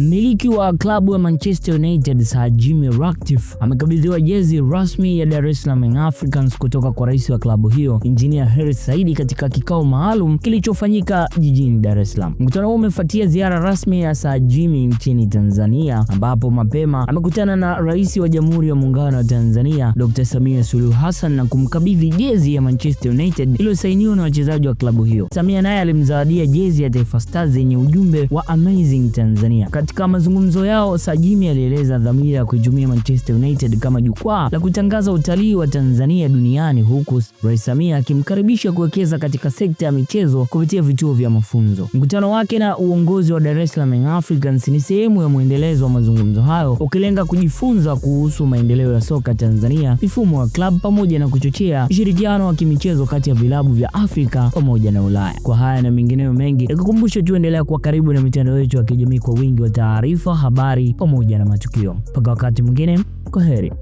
Mmiliki wa klabu ya Manchester United Sir Jimmy Ratcliffe amekabidhiwa jezi rasmi ya Dar es Salaam Young Africans kutoka kwa rais wa klabu hiyo Injinia Hersi Said katika kikao maalum kilichofanyika jijini Dar es Salaam. Mkutano huo umefuatia ziara rasmi ya Sir Jimmy nchini Tanzania ambapo mapema amekutana na rais wa Jamhuri ya Muungano wa Tanzania Dr. Samia Suluhu Hassan na kumkabidhi jezi ya Manchester United iliyosainiwa na wachezaji wa klabu hiyo. Samia naye alimzawadia jezi ya Taifa Stars yenye ujumbe wa Amazing Tanzania. Katika mazungumzo yao, Sajimi alieleza dhamira ya kuitumia Manchester United kama jukwaa la kutangaza utalii wa Tanzania duniani, huku Rais Samia akimkaribisha kuwekeza katika sekta ya michezo kupitia vituo vya mafunzo. Mkutano wake na uongozi wa Dar es Salaam Africans ni sehemu ya mwendelezo wa mazungumzo hayo, ukilenga kujifunza kuhusu maendeleo ya soka Tanzania, mifumo wa klabu, pamoja na kuchochea ushirikiano wa kimichezo kati ya vilabu vya Afrika pamoja na Ulaya. Kwa haya na mengineyo mengi, nikukumbusha tuendelea kwa kuwa karibu na mitandao yetu ya kijamii kwa wingi wa taarifa, habari pamoja na matukio. Mpaka wakati mwingine, kwa heri.